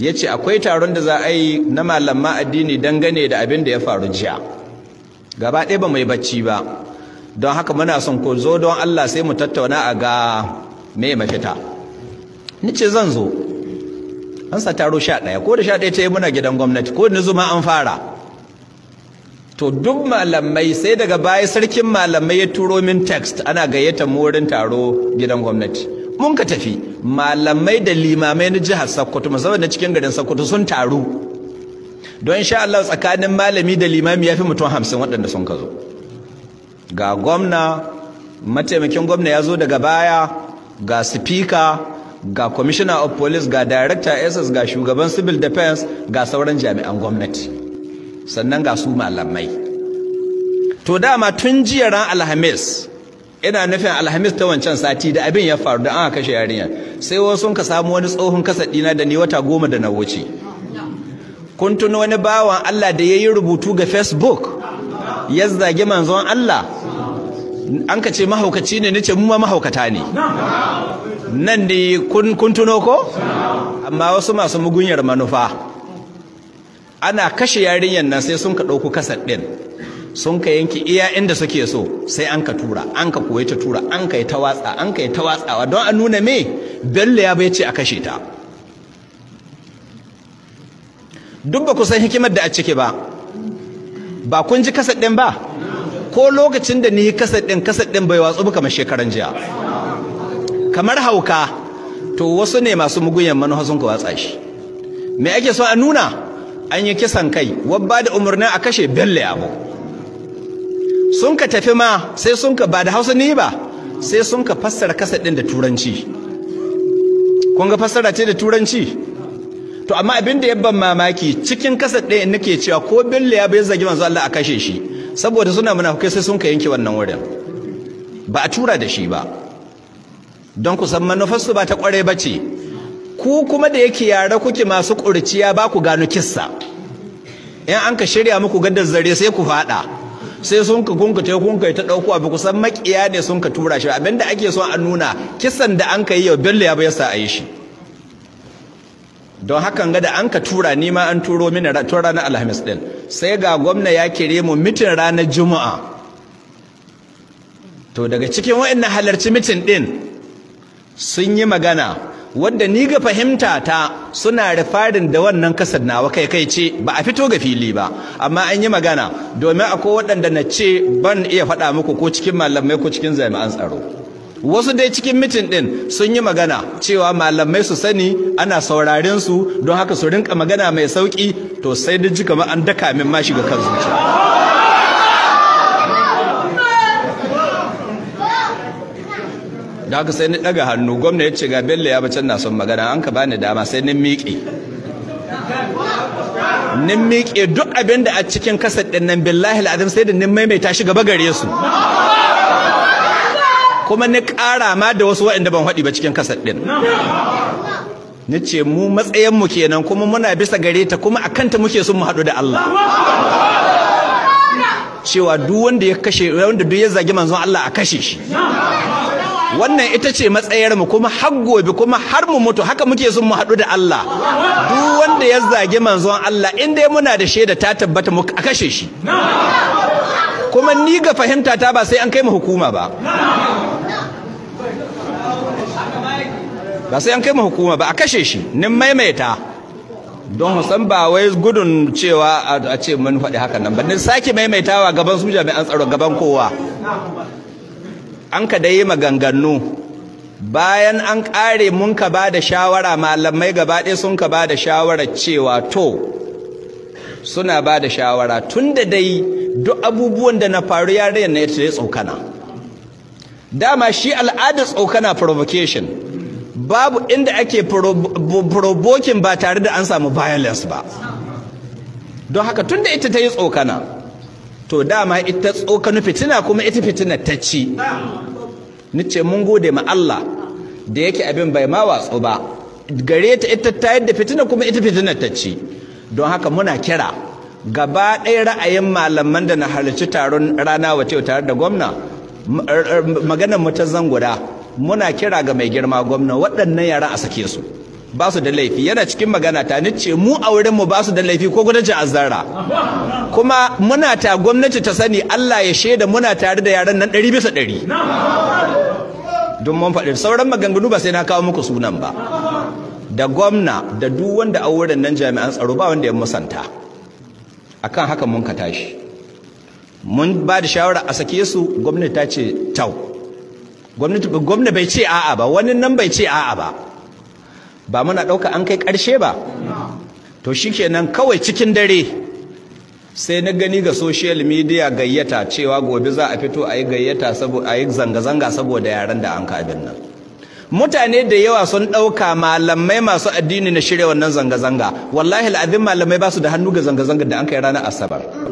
ya ce akwai taron da za a yi na malaman addini dangane da abin da ya faru jiya gaba ɗaya ba mai bacci ba don haka muna son ko zo don Allah sai mu tattauna a ga me mafita ni ce zan zo an sa taro sha ɗaya ko da sha ɗaya ta yi muna gidan gwamnati ko ni zuma an fara to duk malamai sai daga baya sarkin malamai ya turo min text ana gayyata mu wurin taro gidan gwamnati mun ka tafi malamai da limamai na jihar Sokoto musamman na cikin garin Sokoto sun taru don insha Allah tsakanin malami da limami yafi mutum hamsin waɗanda sun ka zo ga gwamna mataimakin gwamna ya zo daga baya ga speaker ga commissioner of police ga director ss ga shugaban civil defense ga sauran jami'an gwamnati sannan ga su malamai to dama tun jiya ran alhamis ina nufin alhamis ta wancan sati da abin ya faru da an kashe yarinya sai wasu ka samu wani tsohon kasa dina da ni wata goma da na wuce kun tuno wani bawan Allah da ya yi rubutu ga facebook ya zage manzon Allah an ka ce mahaukaci ne nace mu ma mahaukata ne nan ne kun tuno ko amma wasu masu mugunyar manufa ana kashe yarinyar nan sai sun ka ɗauko kasar ɗin sun ka yanki iya inda suke so sai an ka tura an ka koyi ta tura an ka yi ta watsa an ka yi ta watsawa don a nuna me bello ya bai ce a kashe ta duk ba ku san hikimar da a cike ba ba kun ji kasar ɗin ba ko lokacin da ni kasar ɗin kasar ɗin bai watsu ba kamar shekaran jiya kamar hauka to wasu ne masu muguyan manufa ka watsa shi me ake so a nuna an yi kisan kai wabba da umarnin a kashe bello ya mu sun ka tafi ma sai sun ka ba da hausa ni ba sai sun ka fassara kasa ɗin da turanci kun ga fassara ce da turanci to amma abin da ya ban mamaki cikin kasa ɗin nake cewa ko billa ya bai zagi manzo Allah a kashe shi saboda suna munafukai sai sun ka yanke wannan wurin ba a tura da shi ba don ku san manufarsu ba ta kware ba ce ku kuma da yake yara kuke masu ƙurciya ba ku gano kissa in an ka shirya muku gadar zare sai ku faɗa sai sun ka kunka ta kunka ta dauko abu kusan makiya ne sun ka tura shi abinda ake so a nuna kisan da an ka yi yau bello ya bai sa a yi shi don hakan ga da an ka tura ni ma an turo mini tun ranar alhamis din sai ga gwamna ya kire mu mitin ranar juma'a to daga cikin wa'annan halarci mitin din sun yi magana wanda ni ga fahimta ta suna rifarin da wannan kasar nawa kai kai ce ba a fito ga fili ba amma an yi magana domin akwai waɗanda na ce ban iya faɗa muku ko cikin malamai ko cikin jami'an tsaro wasu dai cikin mitin ɗin sun yi magana cewa malamai su sani ana sauraren su don haka su rinka magana mai sauki to sai da jika ma an daka min ma shiga kan zuciya da haka sai ni daga hannu gwamna ya ce ga bello ya bacin na son magana an ka bani dama sai ni miƙe ni miƙe duk abin da a cikin kasar din nan billahi alazim sai da ni maimaita shi gaba gare su kuma ni ƙara ma da wasu waɗanda ban haɗi ba cikin kasar din ni ce mu matsayin mu kenan kuma muna bisa gare ta kuma akanta muke son mu haɗu da Allah cewa duk wanda ya kashe wanda duk ya zagi manzon Allah a kashe shi wannan ita ce matsayar mu kuma har gobe kuma har mu mutu haka muke son mu haɗu da Allah duk wanda ya zage manzon Allah in dai muna da shaida ta tabbata mu a kashe shi kuma ni ga fahimta ta ba sai an kai mu hukuma ba ba sai an kai mu hukuma ba a kashe shi nin maimaita don san ba wai gudun cewa a ce mun faɗi hakan nan ba ni sake maimaitawa gaban su jami'an tsaro gaban kowa an ka dai maganganu bayan an ƙare mun ka ba da shawara malamai gaba ɗaya sun ka ba da shawara cewa to suna ba da shawara tun da dai duk abubuwan da na faru ya yaren na ya tsokana dama shi al'adar tsokana provocation babu inda ake provoking ba tare da an samu violence ba don haka tun da ita ta yi tsokana to dama ita tsokano fitina kuma ita fitina ta ci nace mun gode ma Allah da yake abin bai ma watsu ba gare ta ita ta yadda fitina kuma ita fitina ta ci don haka muna kira gaba ɗaya ra'ayin malaman da na halarci taron rana wace tare da gwamna er, er, maganar mu ta guda, muna kira ga mai girma gwamna waɗannan yara a sake su ba su da laifi yana cikin magana ta nace mu a wurin mu ba su da laifi ko gwamnatin azzara kuma muna ta gwamnati ta sani Allah ya shaida muna tare da yaran nan 100 bisa 100 don mun faɗi sauran maganganu ba sai na kawo muku sunan ba da gwamna da duk wanda a wurin nan jami'an tsaro ba wanda ya musanta akan haka mun ka tashi mun ba da shawara a sake su gwamnati ta ce tau gwamnati bai ce a'a ba wani nan bai ce a'a ba ba muna ɗauka an kai ƙarshe ba to shi shikenan kawai cikin dare sai na gani ga social media gayyata cewa gobe za a fito a yi gayyata saboda a yi zanga-zanga saboda yaran da an kabin nan mutane da yawa sun ɗauka malamai masu addini na shirya wannan zanga-zanga wallahi al'adun malamai ba su da hannu ga zanga-zanga da an kai ranar asabar